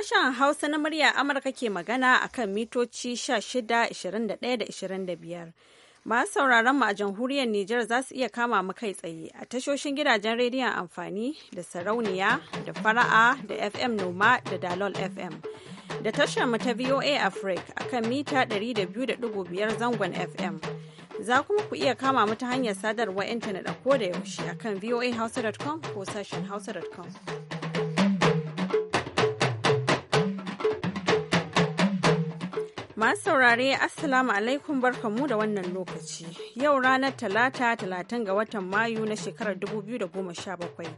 Sashen Hausa na murya Amurka ke magana a kan mitoci 16, 21 da 25. Masu sauraron mu a jamhuriyar Nijar za su iya kama mu kai tsaye a tashoshin gidajen rediyon amfani da sarauniya da fara'a da FM Noma da Dalol FM. Da tashar mu ta VOA Africa a kan mita 200.5 zangon FM. Za kuma ku iya kama mu ta hanyar sadarwar intanet a koda yaushe a kan voahausa.com ko sashen hausa.com. Masu saurare Assalamu alaikum barkamu da wannan lokaci. Yau ranar Talata talatin ga watan Mayu na shekarar 2017.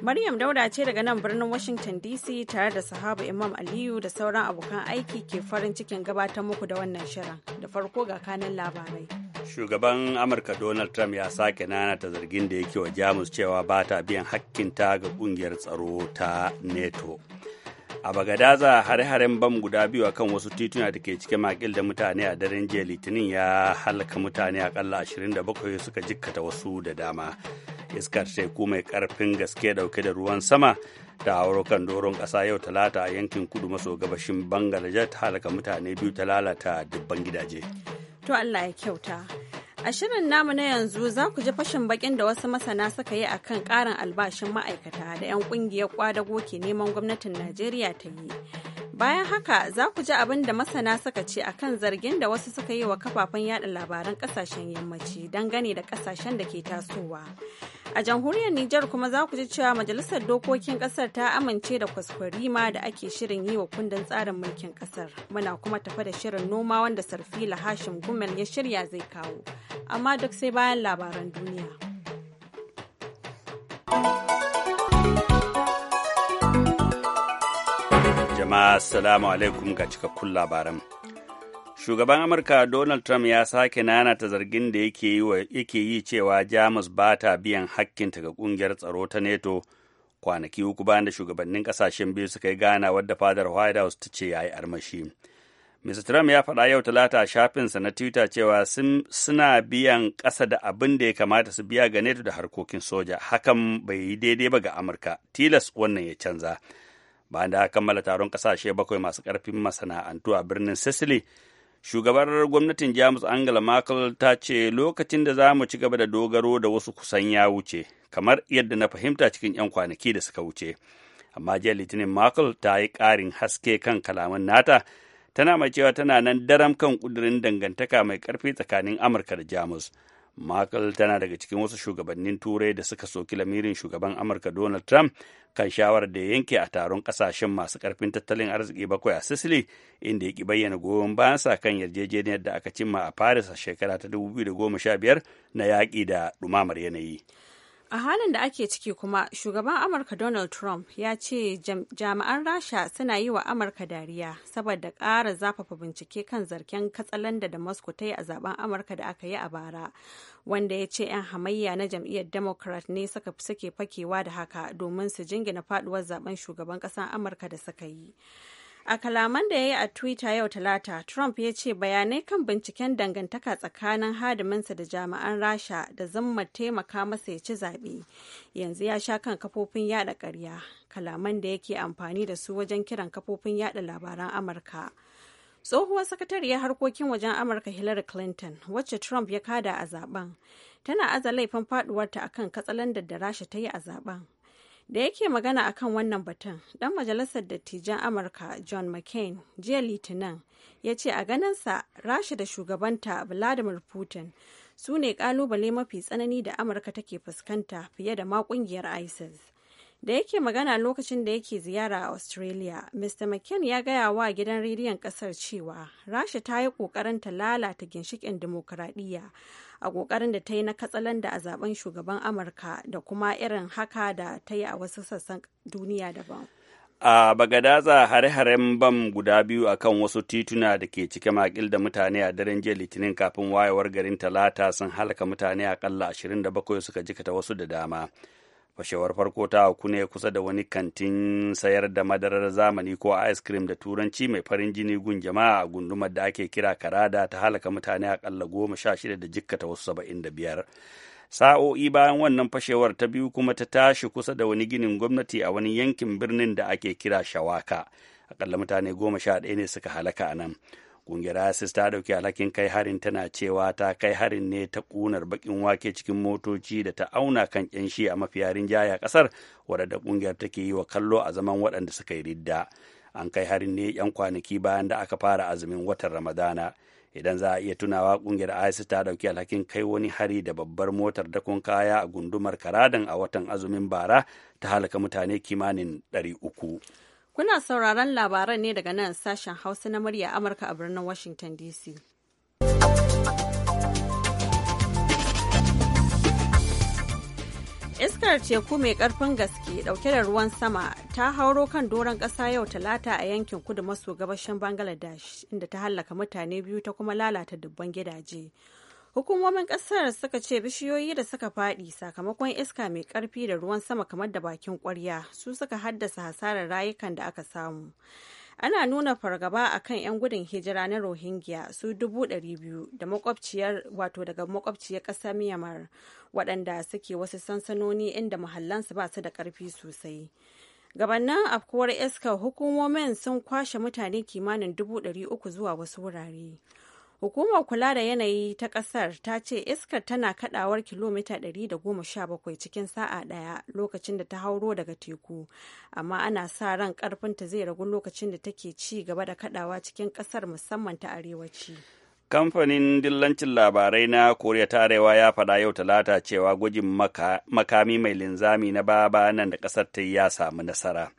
Maryam Dauda ce daga nan birnin Washington DC tare da sahaba Imam Aliyu da sauran abokan aiki ke farin cikin gabatar muku da wannan shirin. Da farko ga kanan labarai. Shugaban Amurka Donald Trump ya sake nanata zargin da yake wa Jamus cewa ba ta biyan hakkinta ga kungiyar tsaro ta NETO. a bagadaza hare-haren bam guda biyu a kan wasu tituna da ke cike makil da mutane a daren jiya litinin ya halaka mutane akalla 27 suka jikkata wasu da dama iskar teku mai karfin gaske dauke da ruwan sama ta hauro kan doron ƙasa yau talata a yankin kudu maso gabashin ta halaka mutane biyu ta lalata dubban gidaje to allah ya kyauta A shirin namu na yanzu za ku ji fashin bakin da wasu masana suka yi a kan ƙarin albashin ma'aikata da 'yan ƙungiyar kwadago ke neman gwamnatin Najeriya ta yi. Bayan haka za ku ji abin da masana suka ce a kan zargin da wasu suka yi wa kafafen yada labaran ƙasashen yammaci dangane da ƙasashen da ke tasowa. A jamhuriyar Nijar kuma za ku ji cewa Majalisar Dokokin Ƙasar ta amince da ma da ake shirin yi wa kundin tsarin mulkin ƙasar. Muna kuma tafa da shirin noma wanda Sarfila Hashim Gumel ya shirya zai kawo. amma duk sai bayan labaran duniya. Jama'a salamu alaikum ga cikakkun labaran. Shugaban Amurka Donald Trump ya sake nanata zargin da yake yi cewa Jamus ba ta biyan hakkinta ga kungiyar tsaro ta NATO kwanaki uku bayan da shugabannin kasashen biyu suka yi gana wadda fadar White House ta ce ya yi armashi. Mr. Trump ya faɗa yau talata a shafinsa na Twitter cewa suna biyan ƙasa da abin da ya kamata su biya ga NATO da harkokin soja, hakan bai yi daidai ba ga Amurka, tilas wannan ya canza. ba da kammala taron ƙasashe bakwai masu ƙarfin masana'antu a birnin Sicily, shugabar gwamnatin Jamus Angela Merkel ta ce lokacin da za mu ci gaba da dogaro da wasu kusan ya wuce, kamar yadda na fahimta cikin 'yan kwanaki da suka wuce. Amma jiya Litinin Merkel ta yi ƙarin haske kan kalaman nata. tana mai cewa tana nan daram kan ƙudurin dangantaka mai ƙarfi tsakanin amurka da jamus Merkel tana daga cikin wasu shugabannin turai da suka soki lamirin shugaban Amurka Donald Trump kan shawarar da yanke a taron kasashen masu karfin tattalin arziki bakwai a Sicily inda ya ki bayyana goyon sa kan yarjejeniyar da aka cimma a Paris a shekara ta 2015 na yaƙi da dumamar yanayi. a halin da ake ciki kuma shugaban amurka donald trump ya ce jami'an rasha suna yi wa amurka dariya saboda ƙara zafafa bincike kan zargen katsalan da damasco ta yi a zaben amurka da aka yi a bara wanda ya ce 'yan hamayya na jam'iyyar democrat ne suka fi suke fakewa da haka domin su jingina faduwar zaben shugaban ƙasar amurka da suka yi A kalaman da ya yi a Twitter yau Talata, Trump ya ce bayanai kan binciken dangantaka tsakanin hadiminsa da jami'an Rasha da zammar taimaka masa ya ci zaɓe. Yanzu ya sha kan kafofin yada karya kalaman da yake amfani da su wajen kiran kafofin yada labaran Amurka. Tsohuwar sakatariyar harkokin wajen Amurka Hillary Clinton, wacce Trump ya kada a zaben, tana aza laifin faduwarta akan katsalandar da Rasha ta yi a zaben. da yake magana akan wannan batun dan majalisar dattijan amurka john mccain jiya litinin ya ce a ganinsa rasha da shugabanta vladimir putin su ne kalubale mafi tsanani da amurka take fuskanta fiye da ma kungiyar isis da yake magana lokacin da yake ziyara a australia mr mccain ya gaya wa gidan rediyon kasar cewa rasha ta yi kokarin ta lalata ginshikin demokuraɗiyya a kokarin da ta yi na da a zaben shugaban amurka da kuma irin haka da ta yi a wasu sassan duniya daban a bagadaza hare-haren bam guda biyu a kan wasu tituna da ke cike makil da mutane a daren jiya litinin kafin wayewar garin talata sun halaka mutane akalla 27 suka jikata wasu da dama fashewar farko ta auku ne kusa da wani kantin sayar da madarar zamani ko ice cream da turanci mai farin jini gun jama'a a gundumar da ake kira karada ta halaka mutane akalla goma sha shida da jikkata wasu saba'in da biyar sa'o'i bayan wannan fashewar ta biyu kuma ta tashi kusa da wani ginin gwamnati a wani yankin birnin da ake kira shawaka akalla mutane goma sha ɗaya ne suka halaka a nan Ƙungiyar ISIS ta ɗauki alhakin kai harin tana cewa ta kai harin ne ta ƙunar bakin wake cikin motoci da ta auna kan yan shi a mafiya rinjaya ƙasar waɗanda ƙungiyar take yi wa kallo a zaman waɗanda suka yi ridda. An kai harin ne 'yan kwanaki bayan da aka fara azumin watan Ramadana. idan za a iya tunawa kungiyar isis ta dauki alhakin kai wani hari da babbar motar dakon kaya a gundumar karadan a watan azumin bara ta halaka mutane kimanin ɗari uku. Kuna sauraron labaran ne daga nan sashen Hausa na murya Amurka a birnin Washington DC. Iskar teku mai ƙarfin gaske ɗauke da ruwan sama ta hauro kan doron ƙasa yau talata a yankin kudu maso gabashin Bangladesh inda ta hallaka mutane biyu ta kuma lalata dubban gidaje. Hukumomin kasar suka ce bishiyoyi da suka faɗi sakamakon iska mai ƙarfi da ruwan sama kamar da bakin kwarya su suka haddasa hasarar rayukan da aka samu. Ana nuna fargaba a kan 'yan gudun hijira na Rohingya su dubu ɗari biyu da makwabciyar wato daga makwabciyar ƙasar Myanmar waɗanda suke wasu sansanoni inda muhallansu ba su da ƙarfi sosai. gabanin afkuwar iska hukumomin sun kwashe mutane kimanin dubu ɗari uku zuwa wasu wurare Hukumar kula da yanayi ta kasar ta ce iskar tana kadawar kilomita 117 cikin sa'a ɗaya lokacin da ta hauro daga teku, amma ana sa ran ƙarfinta zai ragu lokacin da take ci gaba da kadawa cikin ƙasar musamman ta arewaci. Kamfanin dillancin labarai na Koriya ta Arewa ya faɗa yau talata cewa gwajin makami mai linzami na baba nan da kasar ta yi ya samu nasara.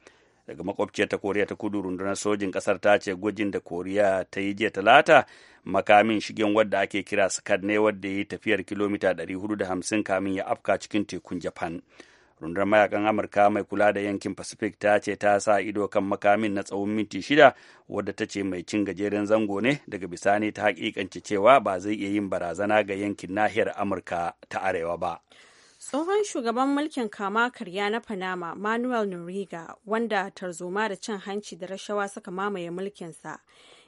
daga makwabciyar ta koriya ta kudu rundunar sojin kasar ta ce gwajin da koriya ta yi jiya talata makamin shigen wadda ake kira scad ne wadda ya yi tafiyar kilomita 450 kamin ya afka cikin tekun japan rundunar mayakan amurka mai kula da yankin pacific ta ce ta sa ido kan makamin na tsawon minti shida wadda ta ce mai cin gajeren zango ne daga bisani ta hakikance cewa ba zai iya yin barazana ga yankin nahiyar amurka ta arewa ba Tsohon shugaban mulkin kama karya na Panama Manuel Noriega wanda tarzoma da cin hanci da rashawa suka mamaye mulkinsa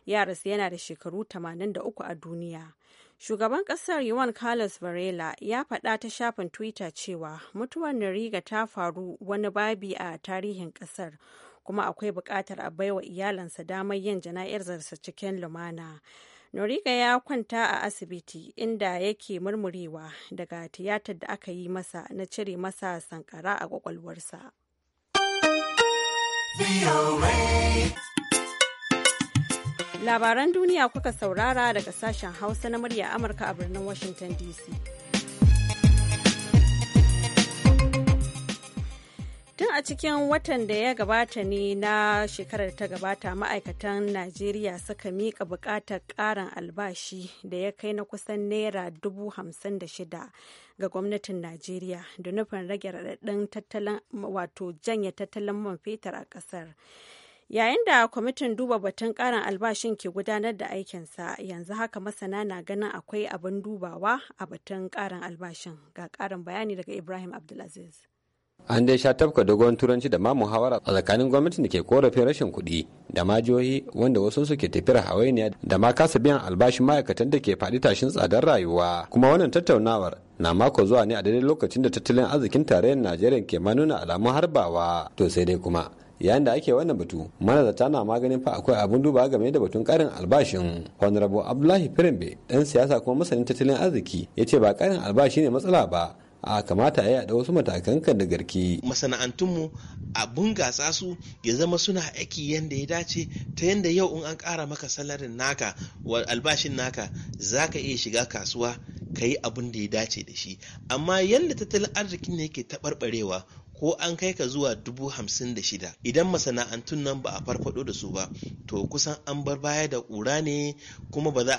ya rasu yana da shekaru 83 a duniya. Shugaban kasar Juan Carlos Varela ya faɗa ta shafin Twitter cewa mutuwar Noriega ta faru wani babi a tarihin kasar kuma akwai buƙatar a baiwa iyalansa damar yin jana'izarsa cikin lumana. Noriga ya kwanta a asibiti inda yake murmurewa daga tiyatar da aka yi masa na cire masa sankara a kwakwalwarsa labaran duniya kuka saurara daga sashen hausa na murya amurka a birnin washington dc tun a cikin watan da ya gabata ne na shekarar ta gabata ma'aikatan najeriya suka miƙa buƙatar ƙarin albashi da ya kai na kusan naira dubu hamsin da shida ga gwamnatin najeriya da nufin rage raɗaɗɗen tattalin wato janye tattalin man fetur a ƙasar yayin da kwamitin duba batun ƙarin albashin ke gudanar da aikinsa yanzu haka masana na ganin akwai abin dubawa a batun ƙarin albashin ga ƙarin bayani daga ibrahim abdulaziz an dai sha tafka dogon turanci da ma muhawara a tsakanin gwamnati da ke korafin rashin kuɗi da ma jihohi wanda wasu suke tafiyar hawainiya da ma kasa biyan albashin ma'aikatan da ke faɗi tashin tsadar rayuwa kuma wannan tattaunawar na mako zuwa ne a daidai lokacin da tattalin arzikin tarayyar najeriya ke ma nuna alamun harbawa to sai dai kuma yayin da ake wannan batu manazata na maganin fa akwai abun duba game da batun karin albashin honorable abdullahi firimbe dan siyasa kuma masanin tattalin arziki ya ce ba karin albashi ne matsala ba a kamata a yi da wasu matakan kan da garki masana'antunmu a bungasa su ya zama suna aiki yadda ya dace ta yadda yau in an ƙara maka salarin naka wa albashin naka za ka iya shiga kasuwa ka yi abin da ya dace da shi amma yadda tattalin arzikin ne yake taɓarɓarewa ko an kai ka zuwa dubu hamsin da shida idan masana'antun nan ba a farfado da su ba to kusan an bar baya da ƙura ne kuma ba za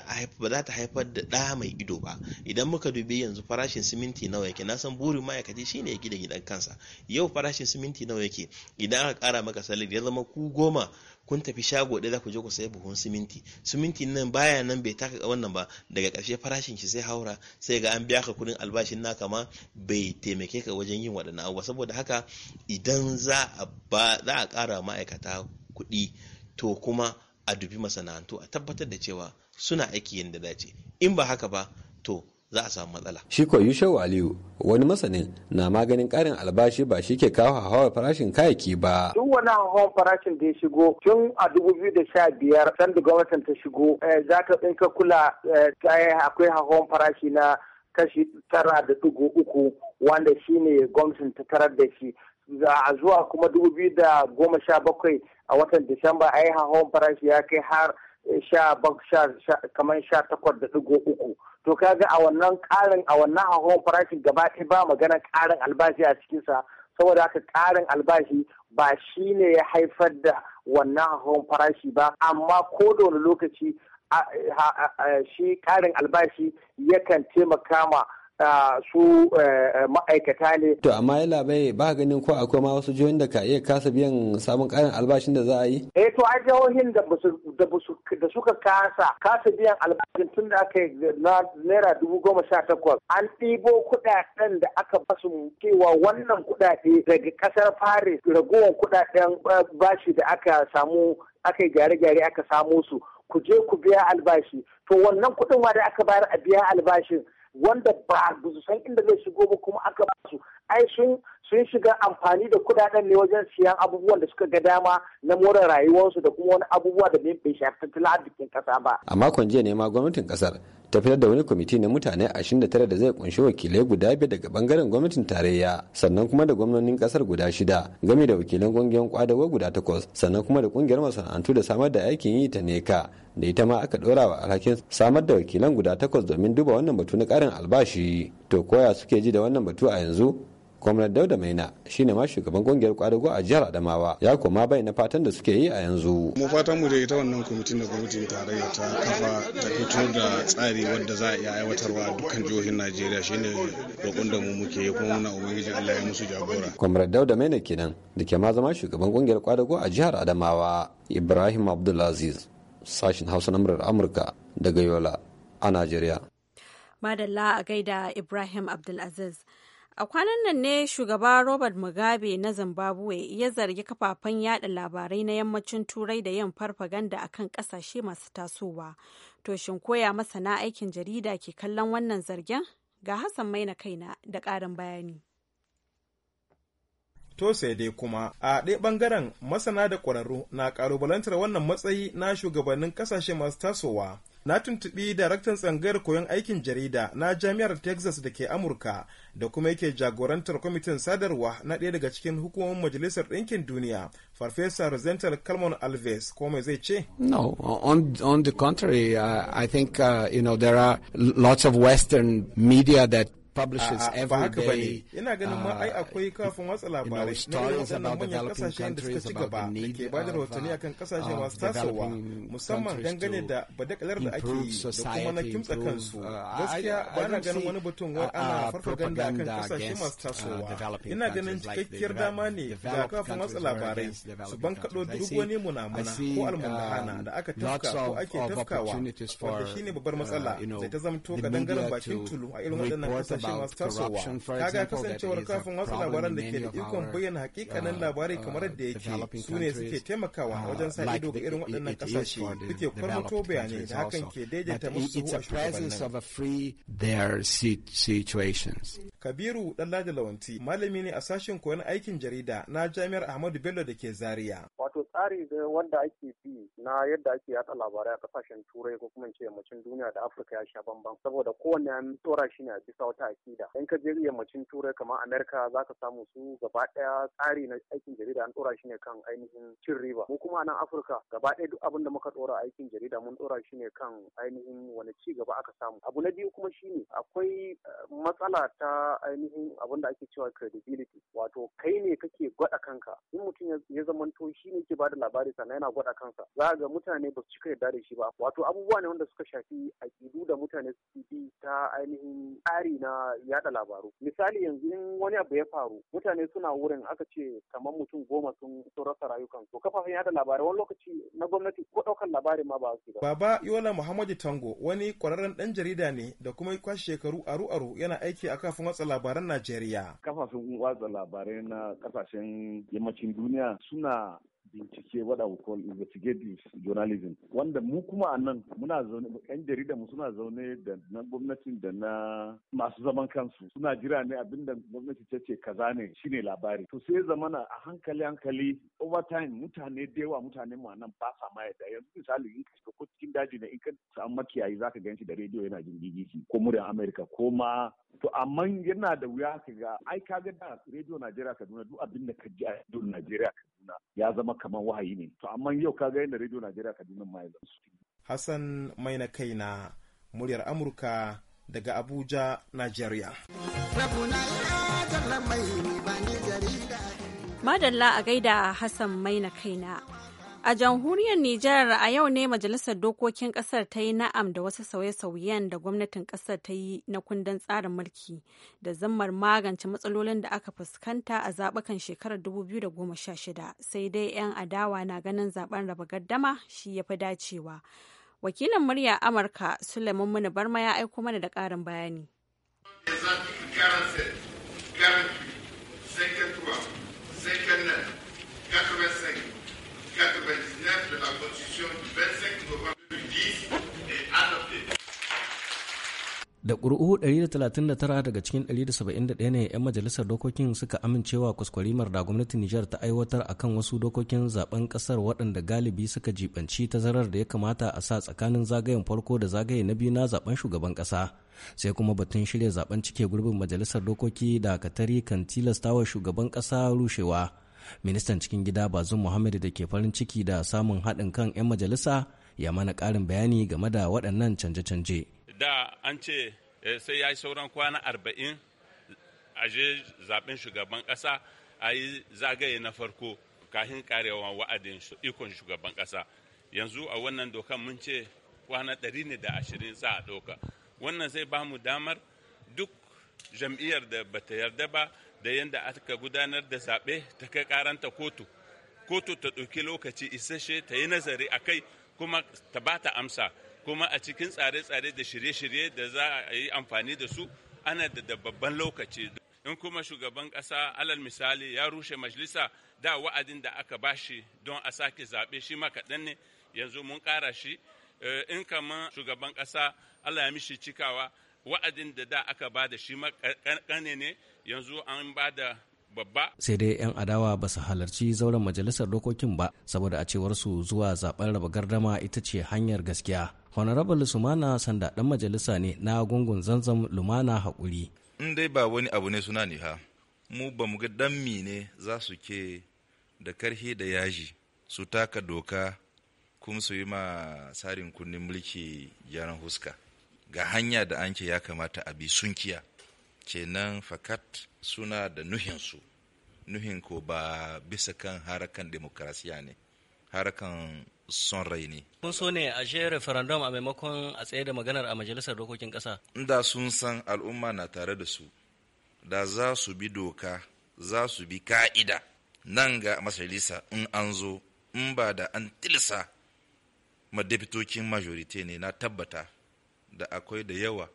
ta haifar da ɗa mai ido ba idan muka dubi yanzu farashin siminti nawa yake na san burin ma'aikaci shine ya gidan kansa yau farashin siminti nawa yake idan aka ƙara maka salari ya zama ku goma kun tafi shago ɗaya za ku je ku sayi buhun siminti siminti nan baya nan bai taka wannan ba daga ƙarshe farashin shi sai haura sai ga an biya ka kuɗin albashin naka ma bai taimake ka wajen yin waɗannan abubuwa saboda haka idan za a ba za a ƙara ma'aikata kuɗi to kuma a dubi masana'antu a tabbatar da cewa suna aiki yadda dace in ba haka ba to za a samu matsala. Shi ko Aliyu wani masanin na maganin karin albashi ba shi ke kawo hawa farashin kayaki ba. Tun wani hawa farashin da ya shigo tun a dubu biyu da sha biyar sanda gwamnatin ta shigo eh, za ta in ka kula eh, akwai hawa farashi na kashi tara da dugu uku wanda shine gwamnatin ta tarar da shi. a zuwa kuma dubu biyu da goma sha bakwai a watan Disamba a yi hawa farashi ya kai har sha kamar sha takwas da digo uku to kaga a wannan karin a wannan hawan farashi gaba ɗaya ba magana karin albashi a cikinsa saboda haka karin albashi ba shi ne ya haifar da wannan hawan farashi ba amma ko da wani lokaci shi karin albashi yakan taimaka ma su eh, eh, ma'aikata ne. To amma yana bai ba ganin ko akwai ma wasu jihohin da ka iya kasa biyan sabon karin albashin da za a yi? Eh to a jihohin da suka kasa kasa biyan albashin tun da aka yi na naira dubu goma sha takwas an ɗibo kuɗaɗen da aka basu cewa wannan kuɗaɗe daga ƙasar Paris ragowar kuɗaɗen eh, bashi da aka samu aka yi gyare-gyare aka samu su ku je ku biya albashi to wannan kuɗin ma da aka bayar a biya albashin wanda ba su san inda zai shigo ba kuma aka ba su ai sun sun shiga amfani da kudaden ne wajen siyan abubuwan da suka ga dama na more rayuwarsu da kuma wani abubuwa da bai shafi tattalin arzikin kasa ba. A makon jiya ne ma gwamnatin kasar ta fitar da wani kwamiti na mutane 29 da zai kunshi wakilai guda biyar daga bangaren gwamnatin tarayya sannan kuma da gwamnonin kasar guda shida game da wakilan kungiyar kwadawa guda takwas sannan kuma da kungiyar masana'antu da samar da aikin yi ta neka da ita ma aka dora wa alhakin samar da wakilan guda takwas domin duba wannan batu na karin albashi to koya suke ji da wannan batu a yanzu Gwamnan Dauda Maina shine ma shugaban kungiyar kwadago a jihar Adamawa ya koma bai na fatan da suke yi a yanzu. Mu fatan mu da ita wannan kwamitin da gwamnatin tarayya ta kafa da fito da tsari wadda za a iya aiwatarwa dukkan jihohin Najeriya shine roƙon da mu muke yi kuma muna ubangijin Allah ya musu jagora. Gwamnan Dauda Maina kenan da ke ma zama shugaban kungiyar kwadago a jihar Adamawa Ibrahim Abdulaziz Sashen Hausa na murar Amurka daga Yola a Najeriya. Madalla a gaida Ibrahim Abdulaziz. A kwanan nan ne shugaba Robert Mugabe na Zimbabwe ya zargi kafafen yada labarai na yammacin Turai da yin farfaganda a kan kasashe masu tasowa. To shin koya masana aikin jarida ke kallon wannan zargen? Ga Hassan Maina kaina da karin bayani. to sai dai kuma a ɗaya bangaren masana da ƙwararru na ƙalubalantar wannan matsayi na shugabannin kasashe masu tasowa na tuntuɓi daraktan tsangayar koyon aikin jarida na jami'ar texas da ke amurka da kuma yake jagorantar kwamitin sadarwa na ɗaya daga cikin hukumomin majalisar ɗinkin duniya farfesa Rizental kalmon alves ko mai zai ce no on, on the contrary uh, i think uh, you know there are lots of western media that publishes uh, every day. Ina ganin ma ai uh, akwai kafin watsa labarai na irin waɗannan manyan kasashen da suka ci gaba da ke ba da rahotanni akan kasashe um, masu tasowa musamman dangane da badakalar da ake yi da kuma na kimtsa kansu. Uh, Gaskiya ba na ganin wani batun wani ana farfaganda akan kasashe masu uh, tasowa. Ina ganin cikakkiyar dama ne ga kafin watsa labarai su bankaɗo duk wani munamuna ko almundahana um, da aka tafka ko ake tafkawa wanda shine babbar matsala da ta zamto ga dangaren bakin tulu a irin waɗannan kasashe. kasashe masu tasowa kaga kasancewar kafin wasu labaran da ke da ikon bayyana hakikanin uh, labarai uh, kamar da yake su ne suke taimakawa uh, wajen sa ido ga irin waɗannan kasashe suke kwarmato bayanai da hakan ke daidaita musu a shugabannin. Kabiru Ɗanladi Lawanti malami ne a sashen koyon aikin jarida na Jami'ar Ahmadu Bello da ke Zaria. Wato tsari wanda ake bi na yadda ake yatsa labarai a kasashen Turai ko kuma in ce yammacin duniya da Afirka ya sha bambam saboda kowanne an tsora shi ne a bisa wata akida in ka je yammacin turai kamar amerika za ka samu su gaba ɗaya tsari na aikin jarida an ɗora shi ne kan ainihin cin riba mu kuma nan afirka gaba ɗaya duk abin da muka ɗora aikin jarida mun ɗora shi ne kan ainihin wani ci gaba aka samu abu na biyu kuma shine akwai eh, matsala ta ainihin abin da ake cewa credibility wato kai ne kake gwada kanka in mutum ya zamanto shi ne ke bada labari sannan yana gwada kansa za ga mutane ba su cika yarda da shi ba wato abubuwa ne wanda suka shafi aƙidu da mutane su ta ainihin tsari na yada labaru misali yanzu in wani abu ya faru mutane suna wurin aka ce kamar mutum goma sun rasa rayukan to kafafen yada labarai wani lokaci na gwamnati ko daukan labarin ma ba su baba yola muhammadu tango wani kwararren dan jarida ne da kuma kwashe shekaru aru aru yana aiki a kafin watsa labaran najeriya kafafen watsa labarai na kasashen yammacin duniya suna bincike what I would call investigative journalism wanda mu kuma a nan muna zaune yan jarida mu suna zaune da na gwamnatin da na masu zaman kansu suna jira ne abinda gwamnati ta ce kaza ne shine labari to sai zamana a hankali hankali over time mutane da yawa mutane mu a nan ba sa ma yadda yanzu misali in ka ko cikin daji ne in ka samu makiyayi zaka ka shi da rediyo yana jin BBC ko muryar Amerika ko ma to amma yana da wuya ka ga ai ga da rediyo Najeriya Kaduna duk abinda ka ji a rediyo Najeriya ya zama kamar wahayi ne to amma yau ka ga yadda Radio Najeriya Kaduna ma ya su Hassan mai na kaina muryar Amurka daga Abuja Najeriya Madalla a gaida Hassan mai na kaina A jamhuriyar Nijar a yau ne Majalisar Dokokin Kasar ta yi na'am da wasu sauye-sauyen da gwamnatin kasar ta yi na kundin tsarin mulki da zammar magance matsalolin da aka fuskanta a zaɓukan shekarar 2016 sai dai 'yan adawa na ganin zaben raba gaddama shi ya fi dacewa. Wakilin murya Amurka Suleiman Muni Barma ya aiko mana da ƙarin bayani. Exactly 99 de la Constitution da ƙuri'u 139 daga cikin 171 ne 'yan majalisar dokokin suka amincewa kuskwarimar da gwamnatin Nijar ta aiwatar a kan wasu dokokin zaben ƙasar waɗanda galibi suka jibanci tazarar da ya kamata a sa tsakanin zagayen farko da zagaye na biyu na zaben shugaban ƙasa sai kuma batun shirya zaben cike gurbin majalisar dokoki da katari kan tilastawa shugaban ƙasa rushewa ministan cikin gida bazum muhammad da ke farin ciki da samun haɗin kan 'yan majalisa ya mana ƙarin bayani game da waɗannan canje-canje da an ce eh, sai ya yi sauran kwana arba'in a je zaɓen shugaban ƙasa a yi zagaye na farko kahin karewa wa'adin ikon shugaban ƙasa yanzu a wannan dokan mun ce kwana ɗari ne da ashirin sa a ɗauka wannan zai ba mu damar duk jam'iyyar da bata yarda ba da yadda aka gudanar da zaɓe ta kai karanta kotu kotu ta ɗauki lokaci isasshe ta yi nazari a kai kuma ta ba ta amsa kuma a cikin tsare-tsare da shirye-shirye da za a yi amfani da su ana da babban lokaci in kuma shugaban ƙasa alal misali ya rushe majalisa da wa'adin da aka bashi don a sake zaɓe shi ma kaɗan ne yanzu mun ƙara shi eh, in kamar shugaban ƙasa allah ya mishi cikawa wa'adin da da aka ba da shi ma ne yanzu an ba da babba. Sai dai 'yan adawa ba su halarci zauren majalisar dokokin ba saboda a cewar su zuwa zaben raba gardama ita ce hanyar gaskiya. Honorable Sumana sanda ɗan majalisa ne na gungun zanzam lumana hakuri. In dai ba wani abu ne suna ne ha, mu ba mu ga dan ne za su ke da karhe da yaji su taka doka kuma su yi ma tsarin kunnen mulki gyaran huska. Ga hanya da anke ya kamata a bi sunkiya. kenan fakat suna da nuhinsu nuhin ko ba bisa kan harakan demokrasiya ne harakan son rai ne kun so ne a shi referendum a maimakon a tsaye da maganar a majalisar dokokin kasa inda sun san al'umma na tare da su da za su bi doka za su bi ka'ida nan ga majalisa in an zo in ba da an tilsa madabitokin majorite ne na tabbata da akwai da yawa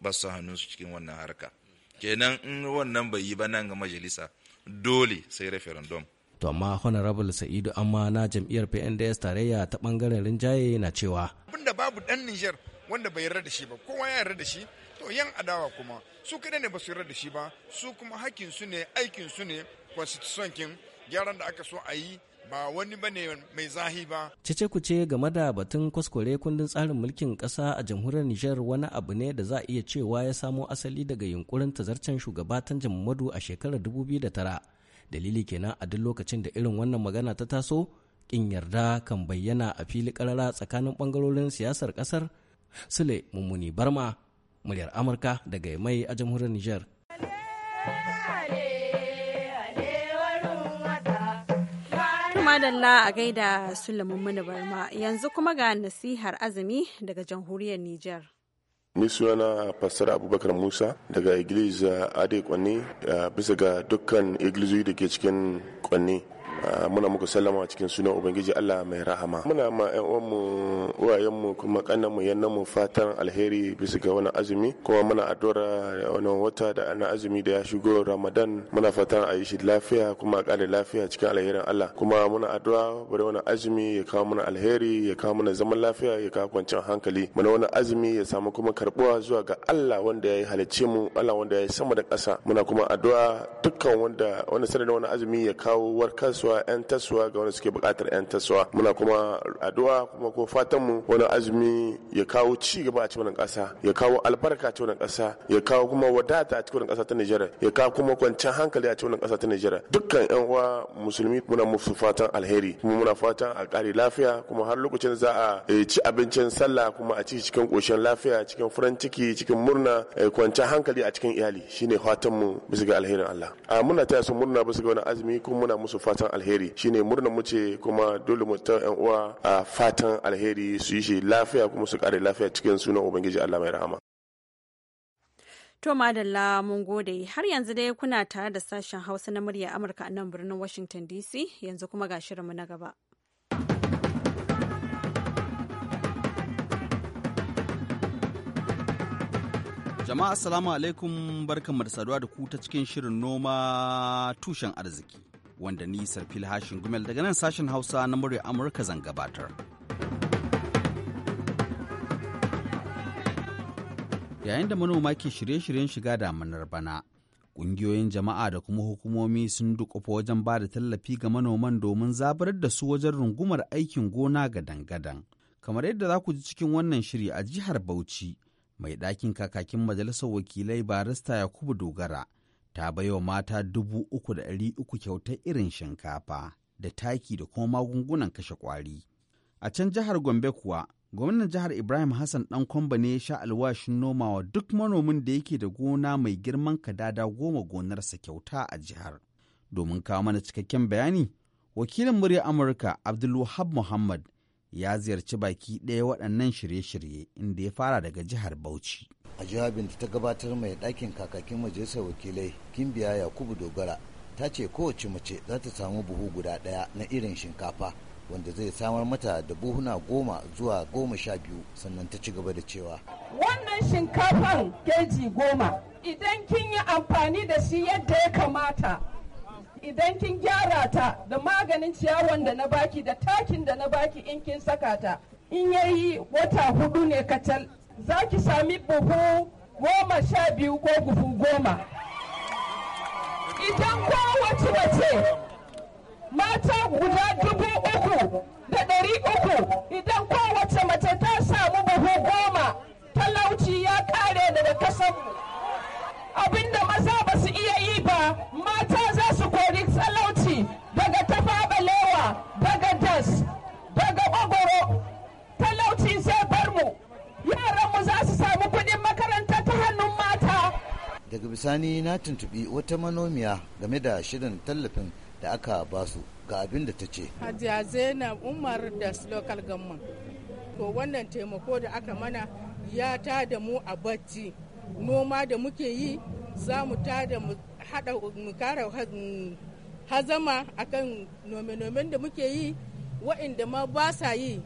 ba su hannunsu cikin wannan harka kenan in wannan bai yi ba nan ga majalisa dole sai referendum to amma honorable sa'idu amma na jam'iyyar pnds tarayya ta bangaren rinjaye na cewa abinda babu dan nijar wanda bai yarda da shi ba kowa ya yarda da shi to yan adawa kuma su kada ne ba su yarda da shi ba su kuma hakkin su ne aikin su ne constitution kin gyaran da aka so a yi ba wani ba ne mai zahi ba. Cece ku ce game da batun kwaskwale kundin tsarin mulkin ƙasa a jamhuriyar Nijar wani abu ne da za a iya cewa ya samo asali daga yunkurin tazarcen shugabatan jam'adu a shekarar 2009. Dalili kenan a duk lokacin da irin wannan magana ta taso, kin yarda kan bayyana a fili karara tsakanin bangarorin siyasar ƙasar. Sule Mummuni Barma, muryar Amurka daga mai a jamhuriyar Nijar. madalla a gaida sulamin mana Barma yanzu kuma ga nasihar azumi daga jamhuriyar Nijar. ni suna pastor abubakar musa daga iglis Adekwanni eh, bisa ga dukkan iglizoyi da ke cikin kwanne Ah, muna muku sallama cikin sunan ubangiji Allah mai rahama muna ma ƴan uwanmu uwayenmu kuma kannanmu yannanmu fatan alheri bisa ga wani azumi kuma muna adora wannan wata da ana azumi da ya shigo Ramadan muna fatan a yi shi lafiya kuma a kare lafiya cikin alherin Allah kuma muna addu'a bari wani azumi ya kawo mana alheri ya kawo mana zaman lafiya ya kawo kwanciyar hankali muna wani azumi ya samu kuma karbuwa zuwa ga Allah wanda ya halicce mu Allah wanda ya sama da ƙasa muna kuma addu'a dukkan wanda wanda sanar da wani azumi ya kawo warkarsuwa kasuwa yan tasowa ga wanda suke bukatar yan tasuwa muna kuma addu'a kuma ko fatan mu wani azumi ya kawo ci gaba a cikin wannan kasa ya kawo albarka a cikin wannan kasa ya kawo kuma wadata a cikin wannan kasa ta Nijar ya kawo kuma kwanciyar hankali a cikin wannan kasa ta Nijar dukkan yan uwa musulmi muna musu fatan alheri kuma muna fatan a kare lafiya kuma har lokacin za a eh, ci abincin sallah kuma a ci cikin koshin lafiya cikin farin ciki cikin murna eh, kwanciyar hankali a cikin iyali shine fatan mu bisa ga alherin Allah a muna taya su murna bisa ga wani azumi kuma muna musu fatan alheri shine murna mu kuma dole mu ta yan uwa a fatan alheri su yi shi lafiya kuma su kare lafiya cikin sunan ubangiji Allah mai rahama To madalla mun gode har yanzu dai kuna tare da sashen Hausa na murya Amurka a nan birnin Washington DC yanzu kuma ga mu na gaba. Jama'a assalamu alaikum barkan da saduwa da ku ta cikin shirin noma tushen arziki. wanda ni sarfil hashin gumel daga nan sashen hausa na murya amurka zan gabatar yayin da manoma ke shirye-shiryen shiga damunar bana ƙungiyoyin jama'a da kuma hukumomi sun dukufa wajen ba da tallafi ga manoman domin zabarar da su wajen rungumar aikin gona ga dangadan kamar yadda za ku ji cikin wannan shiri a jihar bauchi mai ɗakin kakakin majalisar wakilai barista yakubu dogara ta baiwa mata dubu uku da ɗari uku kyautar irin shinkafa da taki da kuma magungunan kashe kwari. A can jihar Gombe kuwa, gwamnan jihar Ibrahim Hassan ɗan kwamba ne ya sha alwashin nomawa duk manomin da yake da gona mai girman kadada goma gonarsa kyauta a jihar. Domin kawo mana cikakken bayani, wakilin murya Amurka Abdulwahab Muhammad ya ziyarci baki ɗaya waɗannan shirye-shirye inda ya fara daga jihar Bauchi. a jawabin ta ta gabatar mai ɗakin kakakin majalisar wakilai kimbiya yakubu dogara ta ce kowace mace za ta samu buhu guda ɗaya na irin shinkafa wanda zai samar mata da buhuna goma zuwa goma sha biyu sannan ta ci gaba da cewa wannan shinkafan keji goma idan kin yi amfani da shi yadda ya kamata idan kin gyara ta da maganin ciyawan da na baki da takin da na baki in kin saka ta in yayi wata hudu ne kacal za ki sami buhu goma sha biyu ko buhu goma idan kowace mace mata guda dubu uku da ɗari uku idan kowace mace ta samu buhu goma talauci ya kare daga kasan abinda daga bisani na tuntubi wata manomiya game da shirin tallafin da aka basu ga abin da ta ce hajiya zainab umar da local government to wannan taimako da aka mana ya ta da mu a bacci noma da muke yi za mu ta da mu haɗa mu kara hazama akan nome-nomen da muke yi wa'inda ma ba sa yi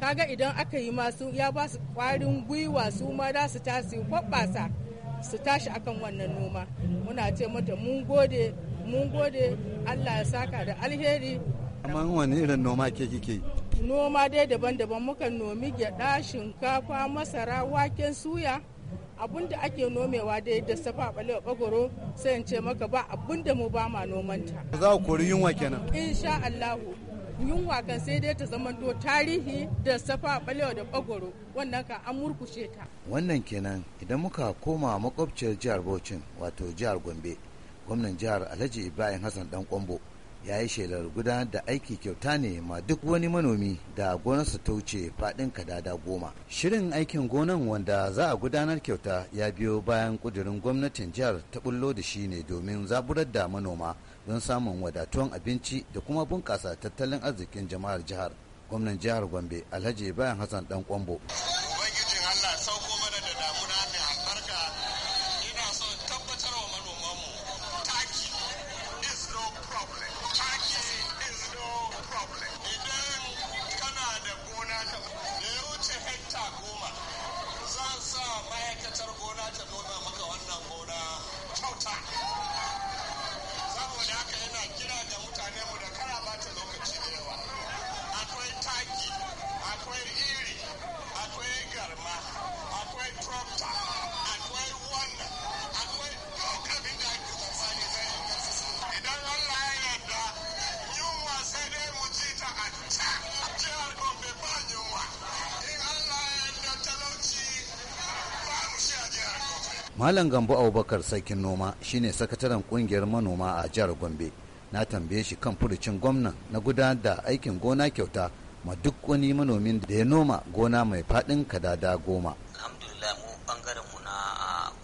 kaga idan aka yi masu ya ba su kwarin gwiwa su ma za su tasi hoɓɓasa su tashi akan wannan noma muna ce mata mun gode mun gode allah ya saka da alheri amma wani irin noma ke kike noma dai daban-daban muka nomi gyada shinkafa masara waken suya abun da ake nomewa dai da safa balewa bagoro sai in ce maka ba abun da mu ba ma nomanta za ku kori yunwa kenan insha allahu yunwa kan sai dai ta zamanto tarihi da safa balewa da bagoro wannan kan an murkushe ta wannan kenan idan muka koma makwabciyar jihar Bauchin wato jihar Gombe gwamnan jihar Alhaji Ibrahim Hassan dan Kwambo ya yi shelar gudanar da aiki kyauta ne ma duk wani manomi da gonarsa ta wuce faɗin kadada goma. Shirin aikin gonan wanda za a gudanar kyauta ya biyo bayan ƙudurin gwamnatin jihar ta bullo da shi ne domin zaburar da manoma don samun wadatuwan abinci da kuma bunƙasa tattalin arzikin jama'ar jihar gwamnan jihar gombe alhaji bayan hassan dan kwambo Malam Gambo Abubakar Sarkin Noma shine sakataren kungiyar manoma a jihar Gombe. Na tambaye shi kan furucin gwamnan na gudanar da aikin gona kyauta ma duk wani manomin da ya noma gona mai faɗin kadada goma. Alhamdulillah mu bangaren mu na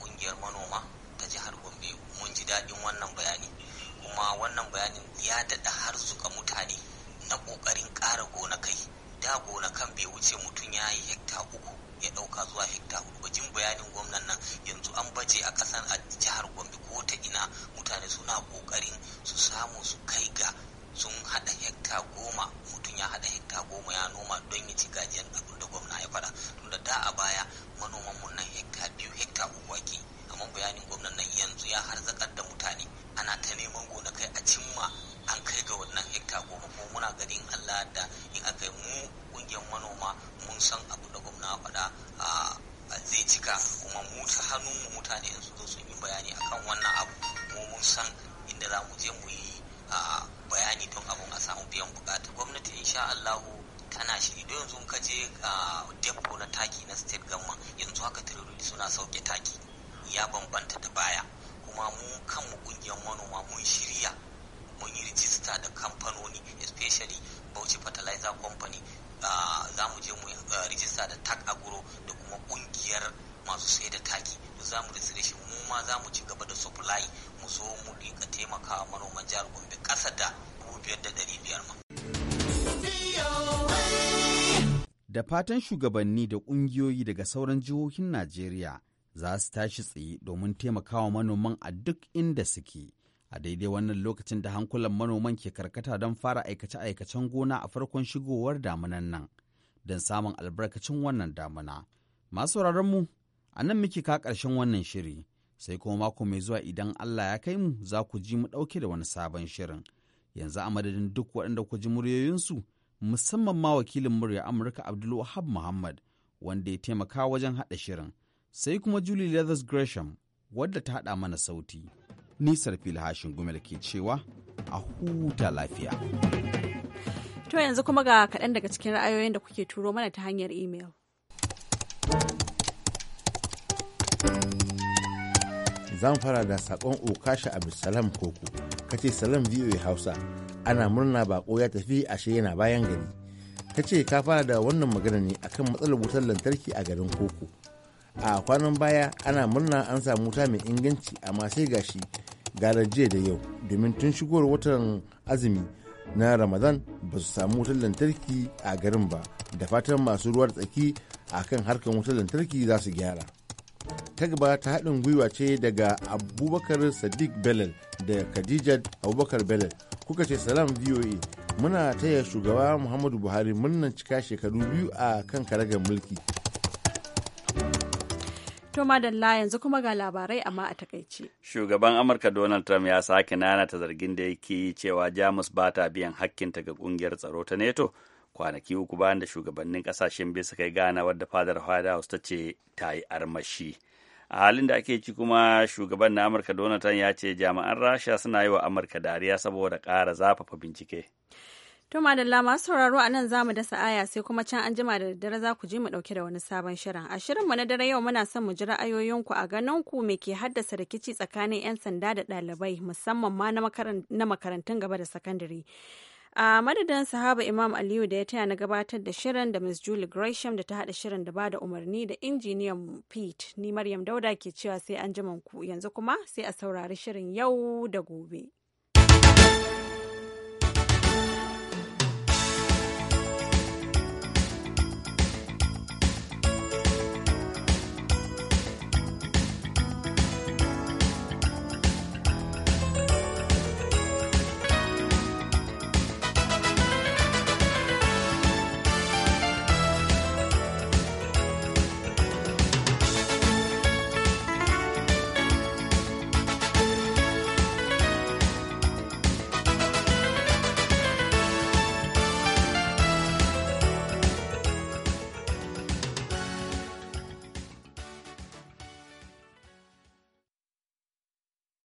kungiyar manoma ta jihar Gombe mun ji daɗin wannan bayani kuma wannan bayanin ya daɗa harzuka mutane na ƙoƙarin ƙara kai, Da gonakan bai wuce mutum ya yi hekta uku ya ɗauka zuwa hekta hudu. Jin bayanin ce a kasan a jihar gombe ko ta ina mutane suna kokarin su samu su kai ga sun hada hekta goma mutum ya hada hekta goma ya noma don ya ci gaji shi idan yanzu ka je a depo na taki na state gamma yanzu haka tirori suna sauke taki ya bambanta da baya kuma mu kanmu kungiyar manoma mun shirya mun yi rijista da kamfanoni especially bauchi fertilizer company za mu je mu rijista da tak agro da kuma kungiyar masu sai da taki za mu shi mu ma za mu ci gaba da supply mu zo mu rika taimaka manoman jihar gombe kasa da biyar ma. da fatan shugabanni da ƙungiyoyi daga sauran jihohin Najeriya za su tashi tsaye domin taimakawa manoman a duk inda suke. A daidai wannan lokacin da hankulan manoman ke karkata don fara aikace-aikacen gona a farkon shigowar damunan nan don samun albarkacin wannan damuna. Masu mu a nan muke ka ƙarshen wannan shiri, sai kuma mako mai zuwa idan Allah ya kai mu za ku ji mu ɗauke da wani sabon shirin. Yanzu a madadin duk waɗanda ku ji muryoyinsu. musamman ma wakilin murya Amurka Abdulwahab Muhammad wanda ya taimaka wajen haɗa shirin, sai kuma Julie Leathers Gresham wadda ta haɗa mana sauti. Nisar filhashin gumel ke cewa a huta lafiya. To yanzu kuma ga kaɗan daga cikin ra'ayoyin da kuke turo mana ta hanyar email. Zan fara da saƙon Okasha Abdulsalam Koko, kace Salam VOA Hausa. ana murna bako ya tafi ashe yana bayan gari ta ce ka fara da wannan magana ne akan matsalar wutar lantarki a garin koko a kwanan baya ana murna an samu wuta mai inganci amma sai gashi gara jiya da yau domin tun shigowar watan azumi na ramadan ba su samu wutar lantarki a garin ba da fatan masu ruwa tsaki a kan harkar wutar lantarki za su gyara ta gaba ta haɗin gwiwa ce daga abubakar sadiq belal da khadijat abubakar belal kuka ce salam VOA muna taya shugaba Muhammadu Buhari murnan cika shekaru biyu a kan karagar mulki. To madalla yanzu kuma ga labarai amma a takaice. Shugaban Amurka Donald Trump ya sake nanata zargin da yake yi cewa Jamus ba ta biyan hakkinta ga kungiyar tsaro ta NATO kwanaki uku bayan da shugabannin kasashen biyu suka yi ganawar da fadar White House ta ce ta yi armashi. a halin da ake ci kuma shugaban na amurka donatan ya ce jami'an rasha suna yi wa amurka dariya saboda ƙara zafafa bincike To madalla masu sauraro a nan zamu dasa aya sai kuma can an jima da daddare za ku je mu dauke da wani sabon shirin. A shirin mu na dare yau muna son mu ji ra'ayoyinku a ganin ku me ke haddasa rikici tsakanin 'yan sanda da ɗalibai musamman ma na makarantun gaba da sakandare. a madadin sahaba imam aliyu da ya taya na gabatar da shirin da Ms julie gresham da ta haɗa shirin da ba da umarni da injiniyan pete ni maryam dauda ke cewa sai an ku yanzu kuma sai a saurari shirin yau da gobe.